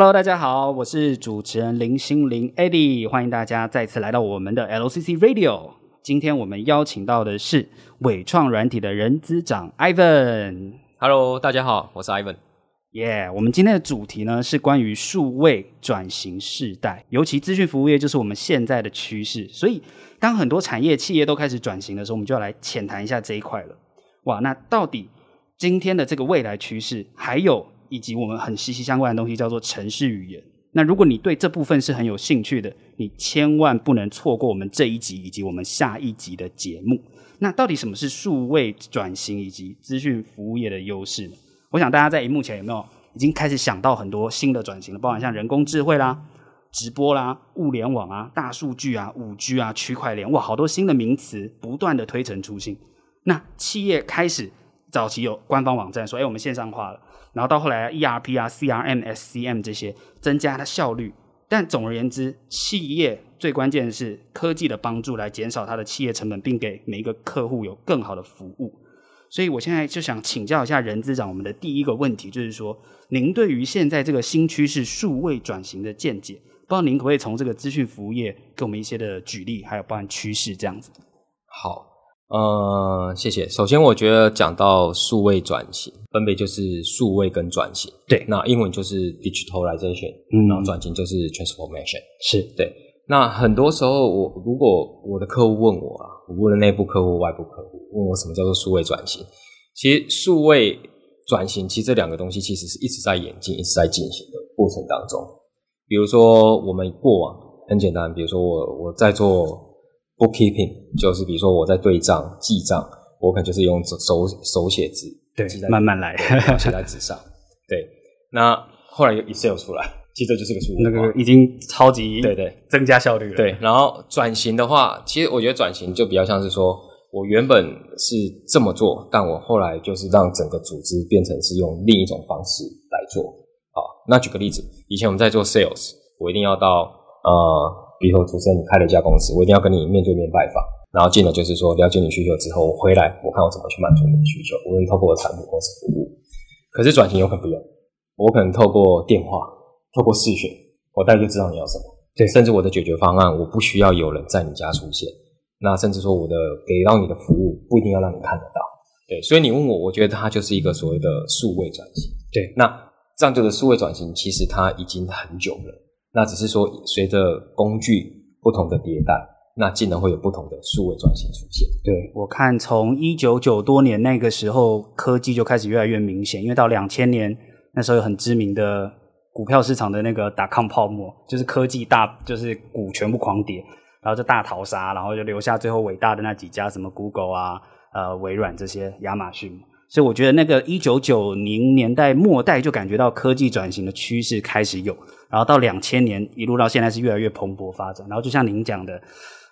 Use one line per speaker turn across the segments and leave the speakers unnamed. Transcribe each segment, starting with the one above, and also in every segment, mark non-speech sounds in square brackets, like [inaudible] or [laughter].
Hello，大家好，我是主持人林昕臨 Eddie，歡迎大家再次來到我們的 LCC Radio。今天我們邀請到的是緯創軟體的人資長 Ivan。
Hello，大家好，我是 Ivan。
Yeah，我們今天的主題呢是關於數位轉型世代，尤其資訊服務業就是我們現在的趨勢。所以當很多產業企業都開始轉型的時候，我們就要來淺談一下這一塊了。哇，那到底今天的這個未來趨勢還有？以及我們很息息相關的東西叫做程式語言。那如果你對這部分是很有興趣的，你千萬不能錯過我們這一集以及我們下一集的節目。那到底什麼是數位轉型以及資訊服務業的優勢呢？我想大家在螢幕前有沒有已經開始想到很多新的轉型了？包含像人工智慧啦、直播啦、物聯網啊、大數據啊、五 G 啊、區塊鏈，哇，好多新的名詞不斷的推陳出新。那企業開始早期有官方網站說：“哎，我們線上化了。”然後到後來，ERP 啊、CRM、SCM 這些增加它效率。但總而言之，企業最關鍵的是科技的幫助來減少它的企業成本，並給每一個客戶有更好的服務。所以我現在就想請教一下人資長，我們的第一個問題就是說，您對於現在這個新趨勢數位轉型的見解，不知道您可不可以從這個資訊服務業給我們一些的舉例，還有包含趨勢這樣子。好。呃、
嗯，謝謝。首先，我覺得講到數位轉型，分別就是數位跟轉型。對，那英文就是 digitalization，嗯，然後轉型就是 transformation，是。對。那很多時候我，我如果我的客戶問我啊，我問的內部客戶、外部客戶問我什麼叫做數位轉型？其實數位轉型，其實這兩個東西其實是一直在演進、一直在進行的過程當中。比如說我們過往很簡單，比如說我我在做。Bookkeeping 就是，比如說我在對賬記賬，我可能就是用手手寫字，
對，記在慢慢來，寫在紙上。 [laughs] 對，
那後來有 Excel 出來，其實這就是個數字，那個
已經超級對對，增加效率了。哦、對，對，
然後轉型的話，其實我覺得轉型就比較像是說我原本是這麼做，但我後來就是讓整個組織變成是用另一種方式來做。好，那舉個例子，以前我們在做 Sales，我一定要到呃。比如說，主持人你開了一家公司，我一定要跟你面對面拜訪，然後進來就是說了解你需求之後，我回來我看我怎麼去滿足你的需求，無論透過我的產品或是服務。可是轉型有可能不用，我可能透過電話，透過視訊，我大概就知道你要什麼。對，甚至我的解決方案，我不需要有人在你家出現，嗯、那甚至說我的給到你的服務不一定要讓你看得到。對，所以你問我，我覺得它就是一個所謂的數位轉型。對，那這樣子的數位轉型其實它已經很久了。那只是說，隨着工具不同的迭代，那技能會有不同的數位轉型出現。對
我看，從一九九多年那個時候，科技就開始越來越明顯。因為到兩千年那時候，有很知名的股票市場的那個 .com 泡沫，就是科技大，就是股全部狂跌，然後就大逃殺，然後就留下最後偉大的那幾家，什麼 Google 啊、呃微軟這些、亞馬遜。所以我覺得，那個一九九零年代末代就感覺到科技轉型的趨勢開始有。然後到兩千年一路到現在是越來越蓬勃發展，然後就像您講的，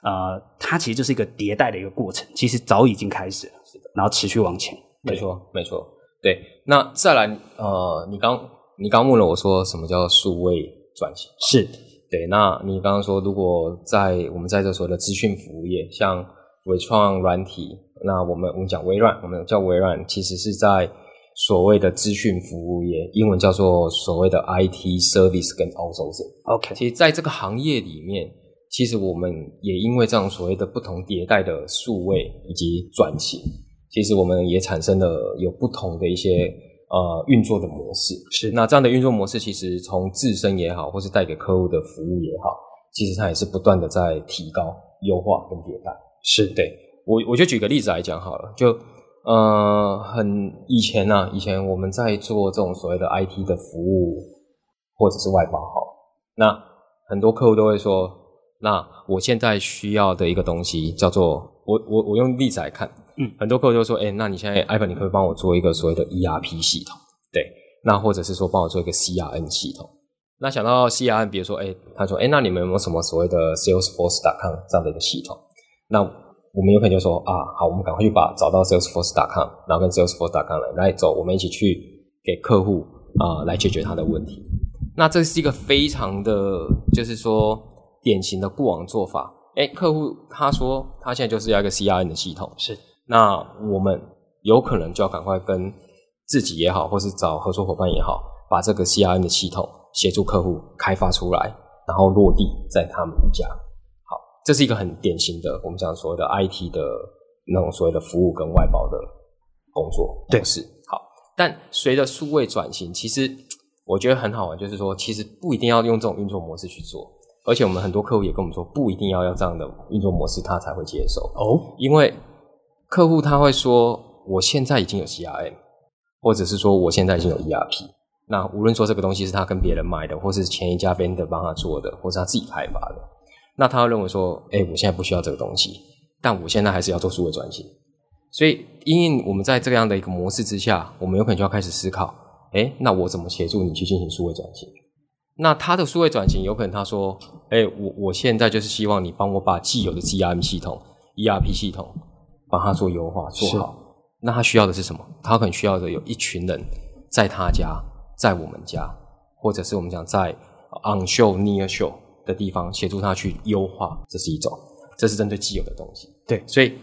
呃，它其實就是一個迭代的一個過程，其實早已經開始了，然後持續往前。沒錯，沒錯，對。那再來，呃，你剛
你剛問了我說什麼叫數位轉型？是。對，那你剛剛說，如果在我們在這所謂的資訊服務業，像緯創軟體，那我們我們講緯軟，我們叫緯軟，其實是在。所謂的資訊服務業，英文叫做所謂的 IT service 跟 outsourcing。OK，其實在這個行業裡面，其實我們也因為這樣所謂的不同迭代的數位以及轉型，其實我們也產生了有不同的一些、嗯、呃運作的模式。是，那這樣的運作模式，其實從自身也好，或是帶給客戶的服務也好，其實它也是不斷的在提高、優化跟迭代。是，對我我就舉個例子來講好了，就。呃，很以前呢、啊，以前我們在做這種所謂的 IT 的服務，或者是外包哈，那很多客戶都會說，那我現在需要的一個東西叫做，我我我用例子來看，嗯，很多客戶都說，哎、欸，那你現在，Ivan，你可,可以幫我做一個所謂的 ERP 系統，對，那或者是說幫我做一個 CRM 系統，那想到 CRM，比如說，哎、欸，他說，哎、欸，那你們有沒有什麼所謂的 Salesforce.com 這樣的一個系統，那。我們有可能就說啊，好，我們趕快去把找到 Salesforce.com，然後跟 Salesforce.com 來，來走，我們一起去給客戶啊、呃、來解決他的問題。那這是一個非常的，就是說典型的過往做法。哎，客戶他說他現在就是要一個 CRM 的系統，是那我們有可能就要趕快跟自己也好，或是找合作夥伴也好，把這個 CRM 的系統協助客戶開發出來，然後落地在他們家。這是一個很典型的，我們講所謂的 IT 的那種所謂的服務跟外包的工作模對式。好，但隨着數位轉型，其實我覺得很好玩，就是說，其實不一定要用這種運作模式去做。而且，我們很多客戶也跟我們說，不一定要用這樣的運作模式，他才會接受哦。Oh? 因為客戶他會說，我現在已經有 CRM，或者是說我現在已經有 ERP，嗯。那無論說這個東西是他跟別人買的，或是前一家 vendor 幫他做的，或是他自己開發的。那他會認為說，誒我現在不需要這個東西，但我現在還是要做數位轉型。所以，因為我們在這樣的一個模式之下，我們有可能就要開始思考，誒那我怎麼協助你去進行數位轉型？那他的數位轉型有可能他說，誒我我現在就是希望你幫我把既有的 CRM 系統、ERP 系統把它做優化做好。是那他需要的是什麼？他可能需要的有一群人，在他家，在我們家，或者是我們講在 on show near show。的地方協助他去優化，這是一種，這是針對既有的東西。對，所以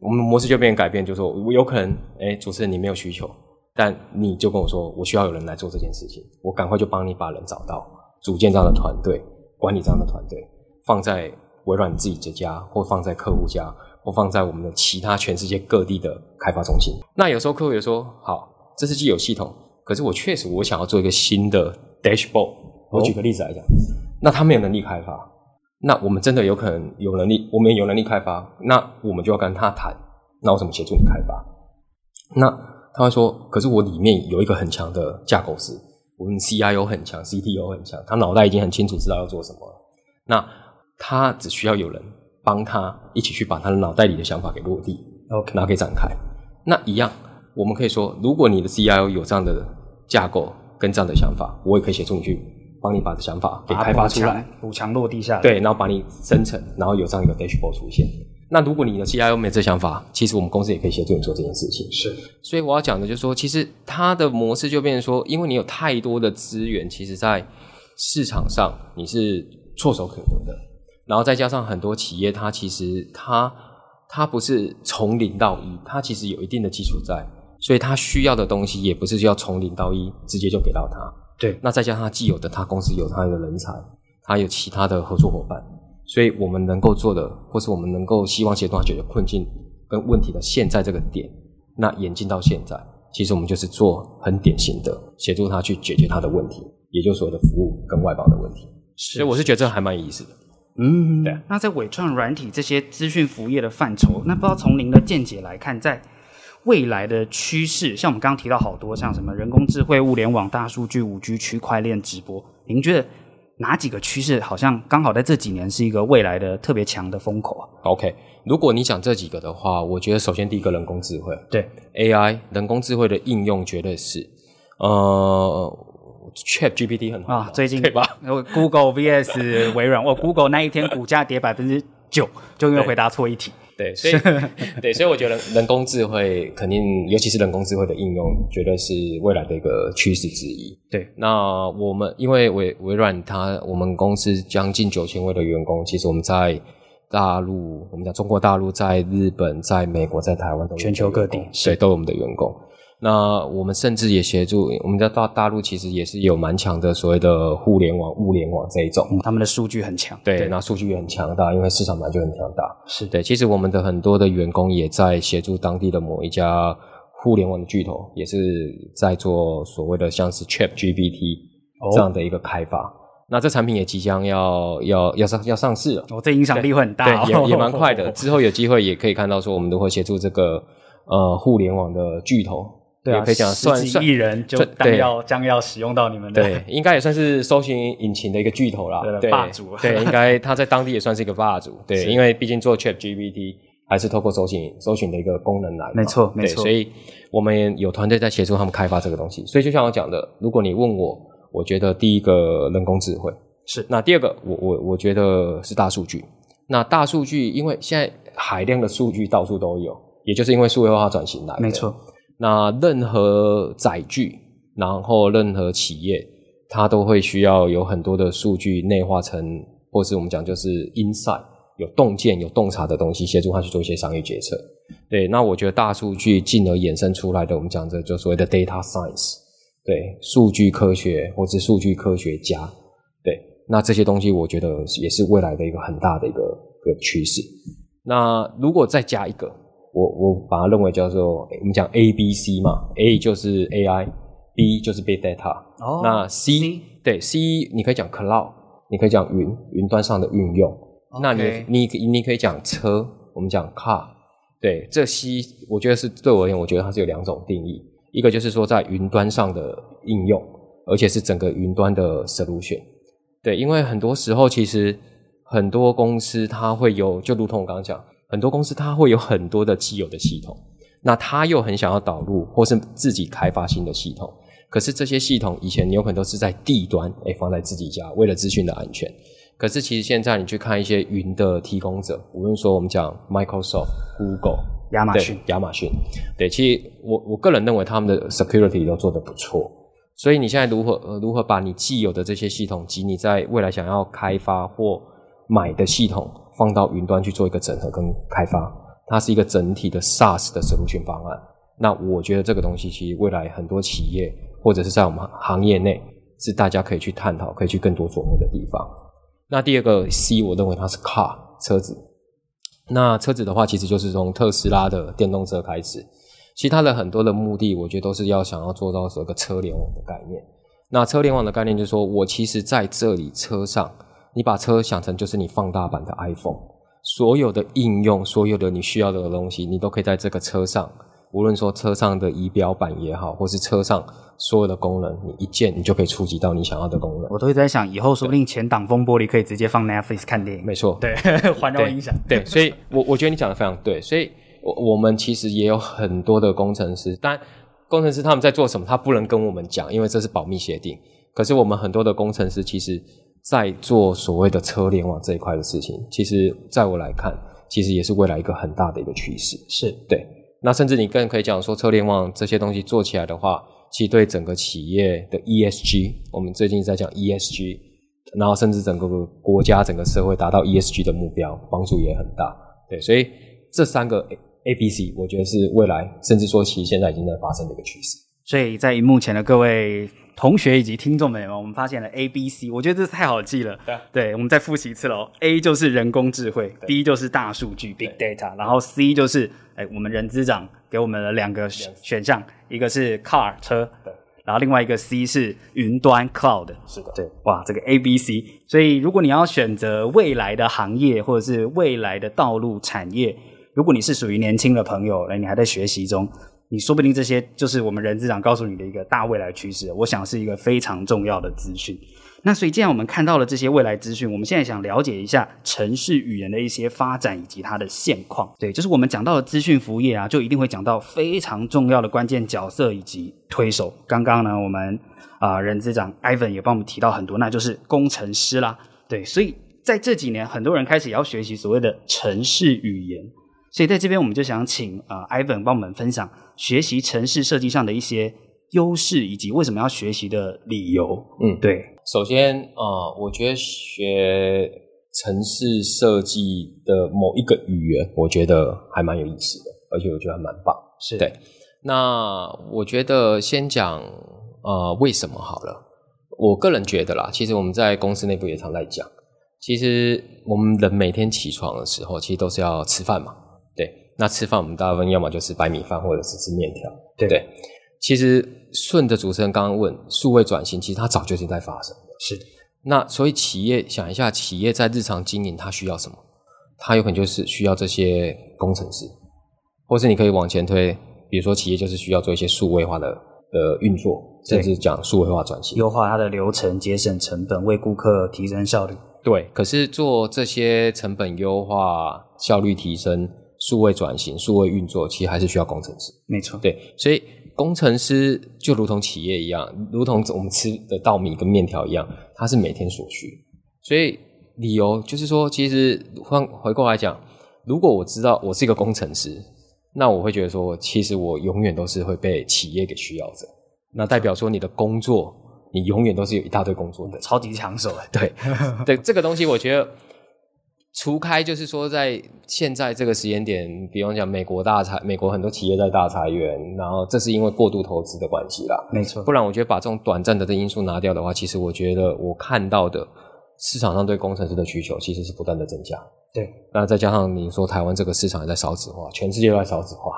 我們的模式就變成改變，就是說，我有可能，誒，主持人你沒有需求，但你就跟我說，我需要有人來做這件事情，我趕快就幫你把人找到，組建這樣的團隊，管理這樣的團隊，放在微軟你自己的家，或放在客戶家，或放在我們的其他全世界各地的開發中心。那有時候客戶也說，好，這是既有系統，可是我確實我想要做一個新的 dashboard。Oh. 我舉個例子來講。那他沒有能力開發，那我們真的有可能有能力，我們也有能力開發，那我們就要跟他談。那我怎麼協助你開發？那他會說，可是我裡面有一個很強的架構師，我們 CIO 很強，CTO 很強，他腦袋已經很清楚知道要做什麼了。那他只需要有人幫他一起去把他的腦袋裡的想法給落地，Okay. 然後給展開。那一樣，我們可以說，如果你的 CIO 有這樣的架構跟這樣的想法，我也可以協助你去。幫你把想法給開發出來，
補強落地下來，對，
然後把你生成，嗯、然後有這樣一個 dashboard 出現。那如果你的 CIO 沒這想法，其實我們公司也可以協助你做這件事情。是，所以我要講的就是說，其實它的模式就變成說，因為你有太多的資源，其實在市場上你是唾手可得的。然後再加上很多企業，它其實它它不是從零到一，它其實有一定的基礎在，所以它需要的東西也不是就要從零到一，直接就給到它。對，那再加上他既有的，他公司有的他的人才，他有其他的合作夥伴，所以我們能夠做的，或是我們能夠希望協助他解決困境跟問題的，現在這個點，那演進到現在，其實我們就是做很典型的協助他去解決他的問題，也就是所謂的服務跟外包的問題。是所以我是覺得這還蠻有意思的。
是是是是嗯，對。那在緯創軟體這些資訊服務業的範疇，那不知道從您的見解來看，在。未來的趨勢，像我們剛剛提到好多，像什麼人工智慧、物聯網、大數據、五 G、區塊鏈、直播，您覺得哪幾個趨勢好像剛好在這幾年是一個未來的特別強的風口啊？OK，如果你講這幾個的話，我覺得首先第一個人工
智慧，對 AI，人工智慧的應用絕對是，呃
，ChatGPT 很好啊,啊，最近對吧？Google VS 微軟，我、 [laughs] Oh, Google 那一天股價跌百分之。就就因為回答錯一題，對，對，所以
對，所以我覺得人工智慧肯定，尤其是人工智慧的應用，絕對是未來的一個趨勢之一。對，那我們因為緯緯軟，它我們公司將近九千位的員工，其實我們在大陸，我們講中國大陸，在日本，在美國，在台灣，都，全球各地，對，都有我們的員工。那我們甚至也協助，我們在大大陸其實也是有蠻強的所謂的互聯網、物聯網這一種，嗯、他們的數據很強，對，對那數據也很強大，因為市場本來就很強大。是對，其實我們的很多的員工也在協助當地的某一家互聯網的巨頭，也是在做所謂的像是 Chat GPT 這樣的一個開發。哦、那這產品也即將要要要上要上市了，
哦，這影響力會很大，哦對，對，也也蠻快的。 [laughs]
之後有機會也可以看到說，我們都會協助這個呃互聯網的巨頭。啊、也可以講算，算是一人就將要、
啊、將要使用到你們的，對，
應該也算是搜尋引擎的一個巨頭啦對了，對霸主。對， [laughs] 應該他在當地也算是一個霸主。對，是因為畢竟做 ChatGPT 還是透過搜尋搜尋的一個功能來的，沒錯，沒錯。對，所以我們有團隊在協助他們開發這個東西。所以就像我講的，如果你問我，我覺得第一個人工智慧是，那第二個，我我我覺得是大數據。那大數據因為現在海量的數據到處都有，也就是因為數位化轉型來的，沒錯。那任何載具，然後任何企業，它都會需要有很多的數據內化成，或是我們講就是 insight 有洞見、有洞察的東西，協助他去做一些商業決策。對，那我覺得大數據進而衍生出來的，我們講的就所謂的 data science，對，數據科學或是數據科學家，對，那這些東西我覺得也是未來的一個很大的一個一個趨勢。那如果再加一個。我我把它認為叫做我們講 A B C 嘛，A 就是 A I，B 就是 Big Data，oh, 那 C, C? 對 C 你可以講 Cloud，你可以講雲雲端上的運用，Okay. 那你你你可以講車，我們講 Car，對，這 C 我覺得是對我而言，我覺得它是有兩種定義，一個就是說在雲端上的應用，而且是整個雲端的 solution，對，因為很多時候其實很多公司它會有，就如同我剛剛講。很多公司它會有很多的既有的系統，那它又很想要導入或是自己開發新的系統，可是這些系統以前你有可能都是在地端，欸，放在自己家，為了資訊的安全。可是其實現在你去看一些雲的提供者，無論說我們講 Microsoft、Google、亞馬遜、亞馬遜，對，其實我我個人認為他們的 security 都做得不錯。所以你現在如何如何把你既有的這些系統及你在未來想要開發或買的系統，放到雲端去做一個整合跟開發，它是一個整體的 SaaS 的 solution 方案。那我覺得這個東西其實未來很多企業或者是在我們行業內是大家可以去探討、可以去更多琢磨的地方。那第二個 C，我認為它是 car 車子。那車子的話，其實就是從特斯拉的電動車開始，其他的很多的目的，我覺得都是要想要做到這個車聯網的概念。那車聯網的概念就是說我其實在這裡車上。你把車想成就是你放大版的 iPhone，所有的應用，所有的你需要的東西，你都可以在這個車上。無論說車上的儀表板也好，或是車上所有的功能，你一鍵你就可以觸及到你想要的功能。我都會在想，以後說不定前擋風玻璃可以直接放 Netflix 看電影。沒錯，對，環繞音響。對，所以我，我我覺得你講的非常對。所以，我我們其實也有很多的工程師，但工程師他們在做什麼，他不能跟我們講，因為這是保密協定。可是，我們很多的工程師其實。在做所謂的車聯網這一塊的事情，其實在我來看，其實也是未來一個很大的一個趨勢，是對。那甚至你更可以講說，車聯網這些東西做起來的話，其實對整個企業的 ESG，我們最近在講 ESG，然後甚至整個國家、整個社會達到 ESG 的目標，幫助也很大。對，所以這三個 A、B、C，我覺得是未來，甚至說其實現在已經在發生的一個趨勢。
所以在幕前的各位，同學以及聽眾朋友們，我們發現了 A、B、C，我覺得這太好記了。對,對，我們再複習一次嘍。A 就是人工智慧對 B 就是大數據對 Big data，然後 C 就是、哎、我們人資長給我們的兩個選項，Yes. 一個是 car 車，對然後另外一個 C 是雲端 cloud。是的，對，哇，這個 A、B、C，所以如果你要選擇未來的行業或者是未來的道路產業，如果你是屬於年輕的朋友，你還在學習中。你說不定這些就是我們人資長告訴你的一個大未來趨勢，我想是一個非常重要的資訊。那所以，既然我們看到了這些未來資訊，我們現在想了解一下程式語言的一些發展以及它的現況。對，就是我們講到的資訊服務業啊，就一定會講到非常重要的關鍵角色以及推手。剛剛呢，我們啊，呃，人資長 Ivan 也幫我們提到很多，那就是工程師啦。對，所以在這幾年，很多人開始也要學習所謂的程式語言。所以在這邊，我們就想請啊、呃、Ivan 幫我們分享。學習程式設計上的一些優勢，以及為什麼要學習的理由。嗯，對。
首先，呃，我覺得學程式設計的某一個語言，我覺得還蠻有意思的，而且我覺得還蠻棒。是對。那我覺得先講，呃，為什麼好了？我個人覺得啦，其實我們在公司內部也常在講，其實我們人每天起床的時候，其實都是要吃飯嘛。那吃飯我們大部分要麼就吃白米飯，或者是吃麵條，對不對？其實順着主持人剛剛問數位轉型，其實它早就是在發生的。是的，那所以企業想一下，企業在日常經營它需要什麼？它有可能就是需要這些工程師，或是你可以往前推，比如說企業就是需要做一些數位化的的運作，對甚至講數位化轉
型，優化它的流程，節省成本，為顧客提升效率。對，可是
做這些成本優化、效率提升。數位轉型、數位運作，其實還是需要工程師。沒錯，對，所以工程師就如同企業一樣，如同我們吃的稻米跟麵條一樣，它是每天所需。所以理由就是說，其實換回過來講，如果我知道我是一個工程師，那我會覺得說，其實我永遠都是會被企業給需要的。那代表說，你的工作，你永遠都是有一大堆工作的，超級搶手。 [laughs] 對，對，這個東西我覺得。除開就是說，在現在這個時間點，比方講美國大裁，美國很多企業在大裁員，然後這是因為過度投資的關係啦。沒錯。不然我覺得把這種短暫的的因素拿掉的話，其實我覺得我看到的市場上對工程師的需求其實是不斷的增加。對，那再加上你說台灣這個市場也在少子化，全世界都在少子化，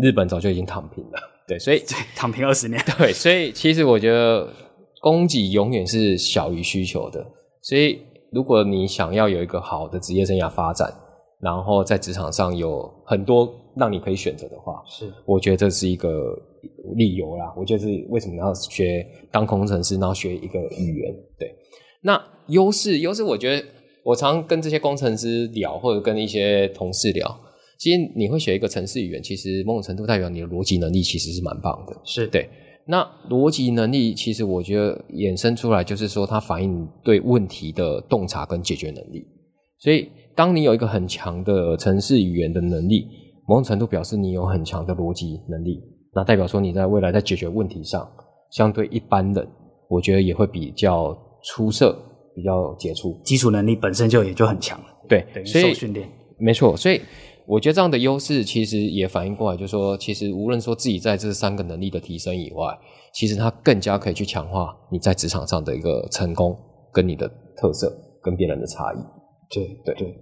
日本早就已經躺平了。對，所以。對，躺平二十年。對，所以其實我覺得供給永遠是小於需求的，所以。如果你想要有一個好的職業生涯發展，然後在職場上有很多讓你可以選擇的話，是，我覺得這是一個理由啦。我覺得是為什麼要學當工程師，然後學一個語言。對，那優勢，優勢，我覺得我常跟這些工程師聊，或者跟一些同事聊，其實你會學一個程式語言，其實某種程度代表你的邏輯能力其實是蠻棒的。是，對。那邏輯能力，其實我覺得衍生出來就是說，它反映對問題的洞察跟解決能力。所以，當你有一個很強的程式語言的能力，某種程度表示你有很強的邏輯能力。那代表說你在未來在解決問題上，相對一般人，我覺得也會比較出色，比較傑出。基礎能力本身就也就很強了。對，對，所以訓練沒錯，所以。我覺得這樣的優勢其實也反映過來，就是說，其實無論說自己在這三個能力的提升以外，其實它更加可以去強化你在職場上的一個成功跟你的特色跟別人的差異。對對對。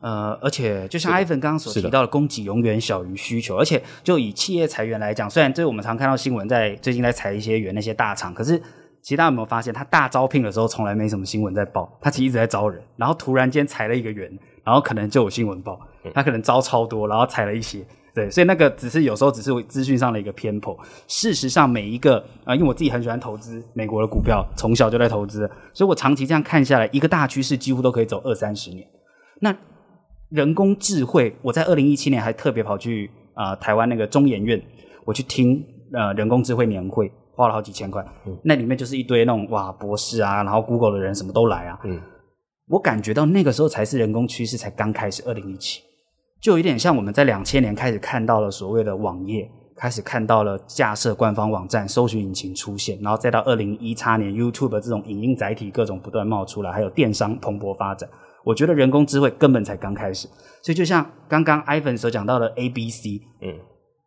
呃，而且就像 Ivan 剛剛所提到的，供給永遠小於需求。而且就以企業裁員來講，雖然就我們常看到新聞在最近在裁一些員，那些大廠，可是其實大家有沒有發現，他大招聘的時候從來沒什麼新聞在報，他其實一直在招人，然後突然間裁了一個員，然後可能就有新聞報。他可能招超多，然後踩了一些，對，所以那個只是有時候只是我資訊上的一個偏頗。事實上，每一個啊、呃，因為我自己很喜歡投資美國的股票，從小就在投資，所以我長期這樣看下來，一個大趨勢幾乎都可以走二三十年。那人工智慧，我在二零一七年還特別跑去啊、呃、台灣那個中研院，我去聽呃人工智慧年會，花了好幾千塊，嗯、那裡面就是一堆那種哇博士啊，然後 Google 的人什麼都來啊，嗯、我感覺到那個時候才是人工趨勢才剛開始，二零一七。就有點像我們在兩千年開始看到了所謂的網頁，開始看到了架設官方網站、搜尋引擎出現，然後再到二零一七年 YouTube 這種影音載體各種不斷冒出來，還有電商蓬勃發展。我覺得人工智慧根本才剛開始，所以就像剛剛 Ivan 所講到的 A B C，嗯，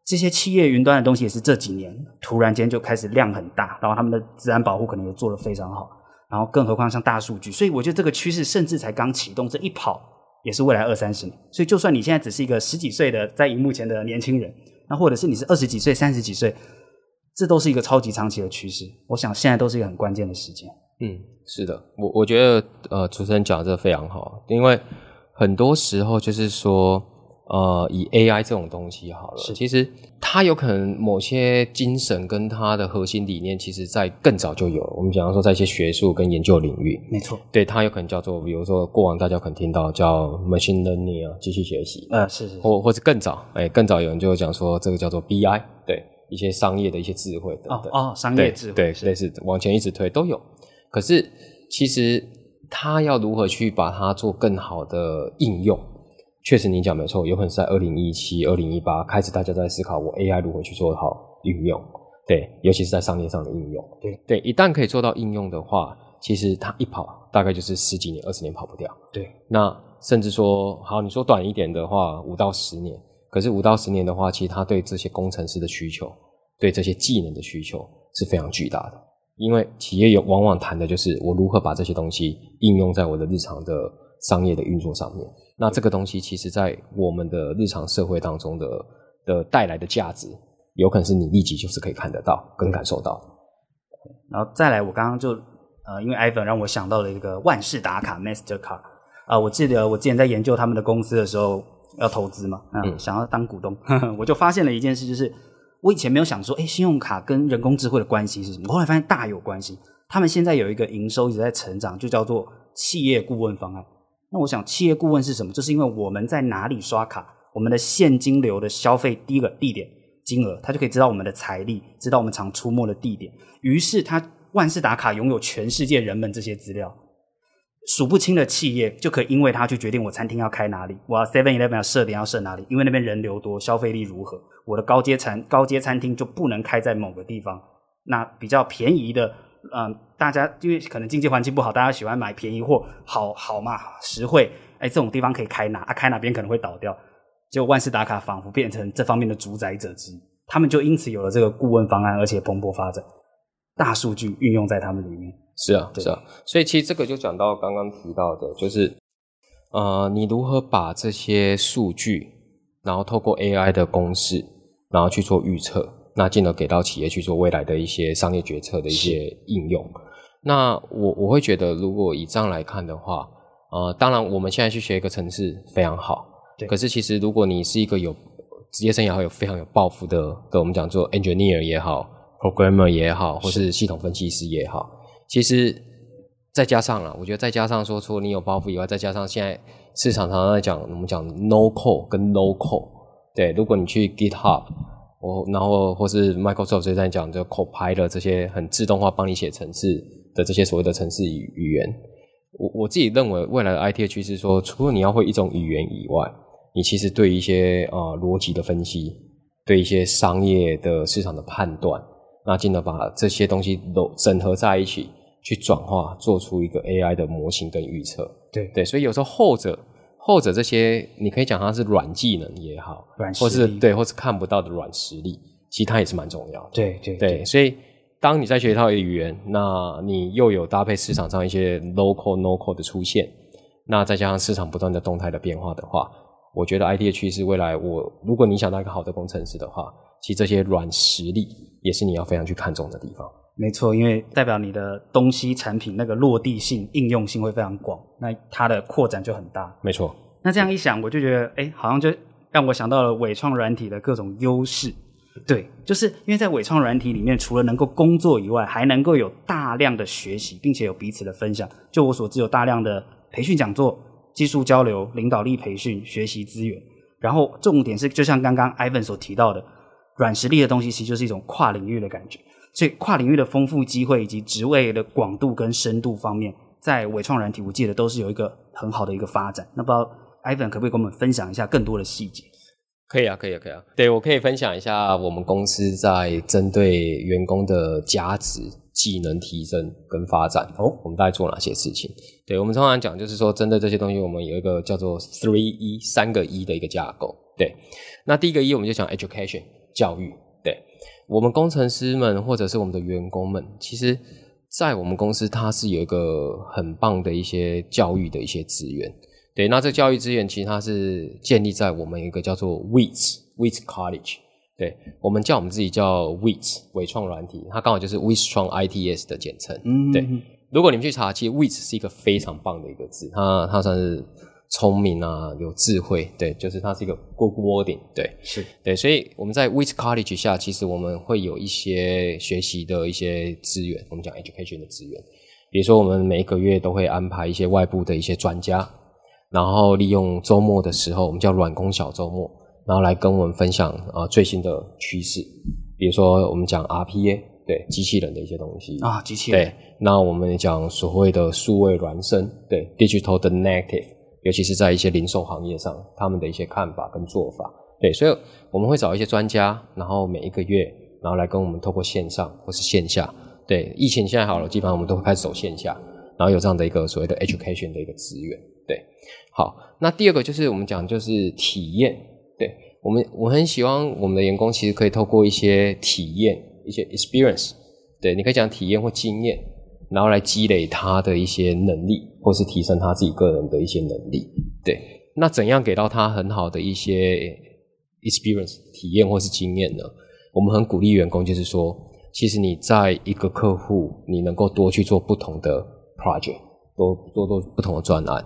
這些企業雲端的東西也是這幾年突然間就開始量很大，然後他們的資安保護可能也做得非常好，然後更何況像大數據，所以我覺得這個趨勢甚至才剛啟動，這一跑。也是未來二三十年，所以就算你現在只是一個十幾歲的在熒幕前的年輕人，那或者是你是二十幾歲、三十幾歲，這都是一個超級長期的趨勢。我想現在都是一個很關鍵的時間。嗯，
是的，我我覺得呃，主持人講的這個非常好，因為很多時候就是說，呃，以 AI 這種東西好了，是其實它有可能某些精神跟它的核心理念，其實，在更早就有了。我們講到說，在一些學術跟研究領域，沒錯錯，對它有可能叫做，比如說過往大家可能聽到叫 machine learning，機器學習啊，嗯，是是，是或，或或者更早，哎、欸，更早有人就講說這個叫做 BI，對一些商業的一些智慧的，哦對哦，商業智慧，對，對是類似往前一直推都有。可是其實它要如何去把它做更好的應用？確實，你講沒錯。有可能是在二零一七、二零一八開始，大家在思考我 AI 如何去做好應用。對，尤其是在商業上的應用。對對，一旦可以做到應用的話，其實它一跑，大概就是十幾年、二十年跑不掉。對，那甚至說，好，你說短一點的話，五到十年。可是五到十年的話，其實它對這些工程師的需求，對這些技能的需求是非常巨大的。因為企業有往往談的就是我如何把這些東西應用在我的日常的商業的運作上面。那這個東西，其實在我們的日常社會當中的的帶來的價值，有可能是你立即就是可以看得到跟感受到。
然後再來，我剛剛就呃，因為 Ivan 讓我想到了一個萬事達卡 Master 卡啊、呃，我記得我之前在研究他們的公司的時候，要投資嘛，呃、嗯，想要當股東， [laughs] 我就發現了一件事，就是我以前沒有想說，哎，信用卡跟人工智慧的關係是什麼？後來發現大有關係。他們現在有一個營收一直在成長，就叫做企業顧問方案。那我想，企業顧問是什麼？就是因為我們在哪裡刷卡，我們的現金流的消費第一個地點金額，他就可以知道我們的財力，知道我們常出沒的地點。於是他萬事達卡擁有全世界人們這些資料，數不清的企業就可以因為它去決定我餐廳要開哪裡，我要 Seven Eleven 設點要設哪裡，因為那邊人流多，消費力如何。我的高階餐高階餐廳就不能開在某個地方，那比較便宜的。嗯、呃，大家因為可能經濟環境不好，大家喜歡買便宜貨，好好嘛，實惠。哎、欸，這種地方可以開哪？啊，開哪邊可能會倒掉。結果萬事達卡仿佛變成這方面的主宰者之一，他們就因此有了這個顧問方案，而且蓬勃發展。大數據運用在他們裡面，
是啊，對是啊。所以其實這個就講到剛剛提到的，就是呃，你如何把這些數據，然後透過 AI 的公式，然後去做預測。那進而給到企業去做未來的一些商業決策的一些應用。是那我我會覺得，如果以這樣來看的話，呃，當然我們現在去學一個程式非常好，對。可是其實如果你是一個有職業生涯有非常有抱負的，跟我們講做 engineer 也好，programmer 也好，或是系統分析師也好，是其實再加上啦，我覺得再加上說，除了你有抱負以外，再加上現在市場常常在講，我們講 no code 跟 no code，對，如果你去 GitHub、嗯。我，然後或是 Microsoft 最在講就 Copilot 這些很自動化幫你寫程式的這些所謂的程式語言，我我自己認為未來的 IT 趨勢說，除了你要會一種語言以外，你其實對一些、呃、邏輯的分析，對一些商業的市場的判斷，那進而把這些東西整合在一起去轉化，做出一個 AI 的模型跟預測。對對，所以有時候後者。或者這些你可以講它是軟技能也
好，軟實力或是
對，或是看不到的軟實力，其實它也是蠻重要的。對對對，對，所以當你在學一套語言，那你又有搭配市場上一些 low code、no code 的出現，嗯、那再加上市場不斷的動態的變化的話，我覺得 I d e a 趨勢是未來我，如果你想當一個好的工程師的話，其實這些軟實力也是你要非常去看重的地方。
沒錯，因為代表你的東西、產品那個落地性、應用性會非常廣，那它的擴展就很大。沒錯錯，那這樣一想，我就覺得，哎、欸，好像就讓我想到了緯創軟體的各種優勢。對，就是因為在緯創軟體裡面，除了能夠工作以外，還能夠有大量的學習，並且有彼此的分享。就我所知，有大量的培訓講座、技術交流、領導力培訓、學習資源。然後重點是，就像剛剛 Ivan 所提到的，軟實力的東西，其實就是一種跨領域的感覺。所以跨領域的豐富機會，以及職位的廣度跟深度方面，在緯創軟體，我記得都是有一個很好的一個發展。那不知道 Ivan 可不可以跟我們分享一下更多的細節？可以啊，可以啊，可以啊。
對，我可以分享一下我們公司在針對員工的價值、技能提升跟發展，哦，我們大概做哪些事情？對，我們通常講就是說，針對這些東西，我們有一個叫做 3E，三個 E 的一個架構。對，那第一個 E 我們就講 education 教育。我們工程師們，或者是我們的員工們，其實，在我們公司，它是有一個很棒的一些教育的一些資源。對，那這教育資源其實它是建立在我們一個叫做 WITS WITS College，對我們叫我們自己叫 WITS 緯創軟體，它剛好就是 Wistron ITS 的簡稱。嗯哼哼，對。如果你們去查，其實 WITS 是一個非常棒的一個字，它它算是。聰明啊，有智慧，對，就是它是一個 good wording，對，是，對，所以我們在 WITS College 下，其實我們會有一些學習的一些資源，我們講 education 的資源，比如說我們每個月都會安排一些外部的一些專家，然後利用周末的時候，我們叫軟工小周末，然後來跟我們分享啊、呃、最新的趨勢，比如說我們講 RPA，對，機器人的一些東西啊，機器人，對那我們講所謂的數位孿生，對，digital 的 native。尤其是在一些零售行業上，他們的一些看法跟做法，對，所以我們會找一些專家，然後每一個月，然後來跟我們透過線上或是線下，對，疫情現在好了，基本上我們都會開始走線下，然後有這樣的一個所謂的 education 的一個資源，對，好，那第二個就是我們講就是體驗，對，我們我很希望我們的員工其實可以透過一些體驗，一些 experience，對，你可以講體驗或經驗。然後來積累他的一些能力，或是提升他自己個人的一些能力。對，那怎樣給到他很好的一些 experience、體驗或是經驗呢？我們很鼓勵員工，就是說，其實你在一個客戶，你能夠多去做不同的 project，多多多不同的專案。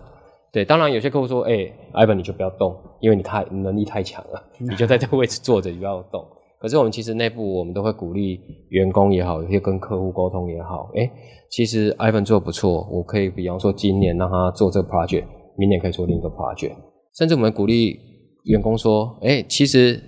對，當然有些客戶說：“哎，Ivan 你就不要動，因為你太，你能力太強了，你就在這個位置坐着， [laughs] 你不要動。”可是我們其實內部，我們都會鼓勵員工也好，也可以跟客戶溝通也好，哎，其實 Ivan 做不錯，我可以比方說今年讓他做這個 project，明年可以做另一個 project，甚至我們鼓勵員工說，哎，其實，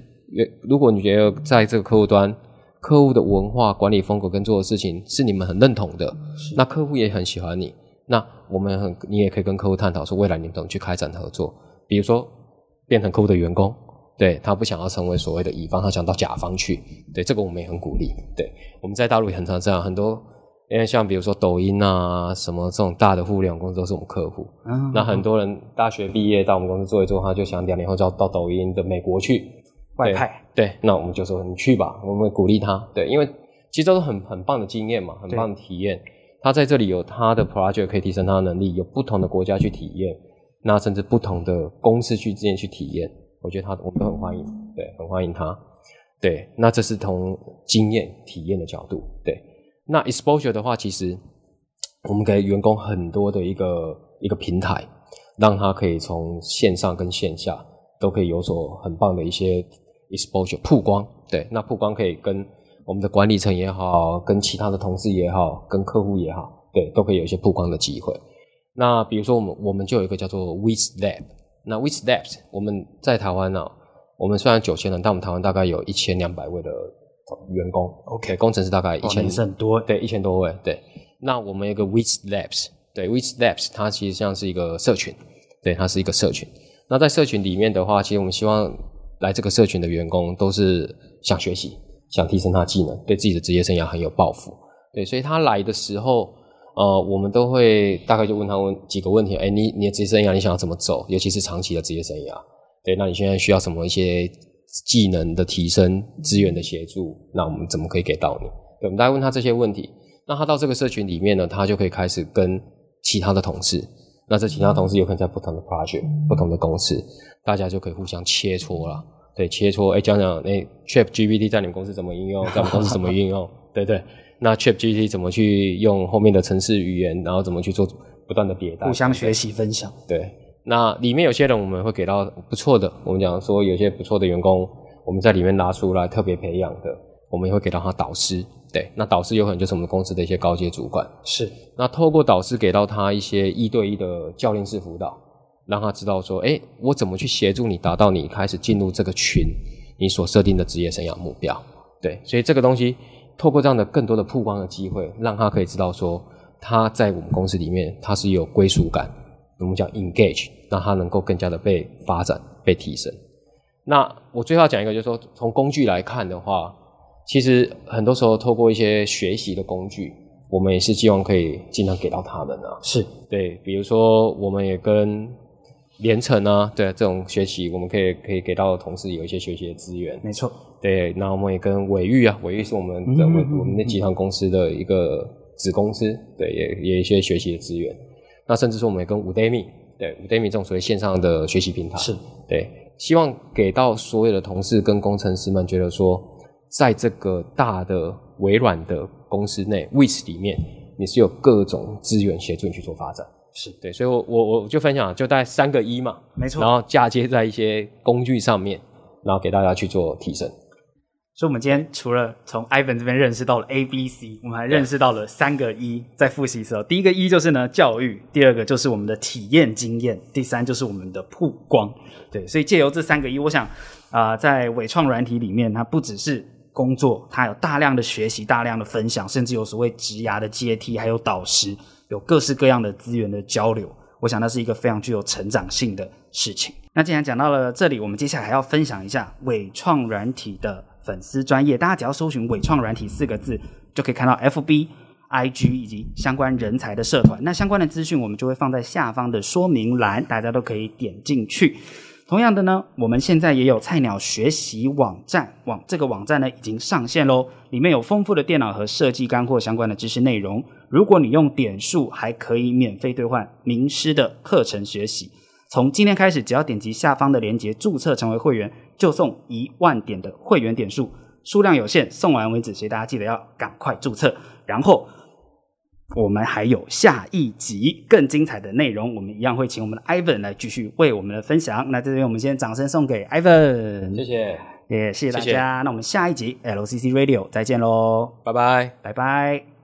如果你覺得在這個客戶端，客戶的文化管理風格跟做的事情是你們很認同的，是那客戶也很喜歡你，那我們很，你也可以跟客戶探討說，未來你們怎麼去開展合作，比如說變成客戶的員工。對，他不想要成為所謂的乙方，他想到甲方去。對，這個我們也很鼓勵。對，我們在大陸也很常見，很多因為像比如說抖音啊什麼這種大的互聯網公司都是我們客戶。嗯。那很多人大學畢業到我們公司做一做，他就想兩年後就要到，到抖音的美國去外派。對。那我們就說你去吧，我們鼓勵他。對，因為其實都是很很棒的經驗嘛，很棒的體驗。對他在這裡有他的 project 可以提升他的能力，有不同的國家去體驗，那甚至不同的公司去之間去體驗。我覺得他我們都很歡迎，對，很歡迎他，對，那這是從經驗體驗的角度，對。那 exposure 的話，其實我們給員工很多的一個對一個平台，讓他可以從線上跟線下都可以有所很棒的一些 exposure 曝光，對。那曝光可以跟我們的管理層也好，跟其他的同事也好，跟客戶也好，對，都可以有一些曝光的機會。那比如說我們我們就有一個叫做 WITS Lab。那 WITS Labs 我們在台灣啊，我們雖然九千人，但我們台灣大概有一千兩百位的員工。OK，工程師大概一千、哦、多，對一千多位。對，那我們有一個 WITS Labs 對 WITS Labs 它其實像是一個社群，對，它是一個社群。那在社群裡面的話，其實我們希望來這個社群的員工都是想學習、想提升他技能，對自己的職業生涯很有抱負。對，所以他來的時候。呃，我們都會大概就問他問幾個問題，誒，你你的職業生涯你想要怎麼走？尤其是長期的職業生涯，對，那你現在需要什麼一些技能的提升，資源的協助？那我們怎麼可以給到你？對，我們大概問他這些問題。那他到這個社群裡面呢，他就可以開始跟其他的同事。那這其他同事有可能在不同的 project、嗯、不同的公司，大家就可以互相切磋了。對，切磋，誒，講講，誒 ChatGPT 在你們公司怎麼應用，在我們公司怎麼運用？ [laughs] 對對。那 ChatGPT 怎麼去用後面的程式語言，然後怎麼去做不斷的迭代？互相學
習分享。對，
那裡面有些人我們會給到不錯的，我們講說有些不錯的員工，我們在裡面拿出來特別培養的，我們也會給到他導師。對，那導師有可能就是我們公司的一些高階主管。是。那透過導師給到他一些一對一的教練式輔導，讓他知道說，哎，我怎麼去協助你達到你開始進入這個群，你所設定的職業生涯目標。對，所以這個東西。透過這樣的更多的曝光的機會，讓他可以知道說他在我們公司裡面他是有歸屬感，我們講 engage，讓他能夠更加的被發展被提升。那我最後要講一個，就是說從工具來看的話，其實很多時候透過一些學習的工具，我們也是希望可以盡量給到他們啊，是對，比如說我們也跟聯成啊，對這種學習，我們可以可以給到同事有一些學習的資源，沒錯。對，那我們也跟緯育啊，緯育是我們的嗯嗯嗯嗯，我們集團公司的一個子公司，對，也也有一些學習的資源。那甚至說我們也跟 Udemy 對 Udemy 這種所謂線上的學習平台，是對，希望給到所有的同事跟工程師們，覺得說，在這個大的微軟的公司內，WITS 裡面，是你是有各種資源協助你去做發展，是對，所以我我我就分享，就帶三個一嘛，沒錯，然後嫁接在一些工具上面，然後給大家去做提升。
所以，我們今天除了從 Ivan 這邊認識到了 A、B、C，我們還認識到了三個 E。在複習的時候，第一個 E 就是呢教育，第二個就是我們的體驗經驗，第三就是我們的曝光。對，所以借由這三個 E，我想啊、呃，在緯創軟體裡面，它不只是工作，它有大量的學習、大量的分享，甚至有所謂職涯的階梯，還有導師，有各式各樣的資源的交流。我想那是一個非常具有成長性的事情。那既然講到了這裡，我們接下來還要分享一下緯創軟體的。粉絲專業，大家只要搜尋“緯創軟體”四個字，就可以看到 FB、IG 以及相關人才的社團。那相關的資訊，我們就會放在下方的說明欄，大家都可以點進去。同樣的呢，我們現在也有菜鳥學習網站網，這個網站呢已經上線嘍，裡面有豐富的電腦和設計乾貨相關的知識內容。如果你用點數，還可以免費兌換名師的課程學習。從今天開始，只要點擊下方的鏈接，注冊成為會員。就送一萬點的會員點數，數量有限，送完為止，所以大家記得要趕快注冊。然後我們還有下一集更精彩的內容，我們一樣會請我們的 Ivan 來繼續為我們的分享。那這邊我們先掌聲送給 Ivan，謝謝，也、yeah, 謝謝大家。謝謝。那我們下一集 LCC Radio 再見嘍，拜拜，拜拜。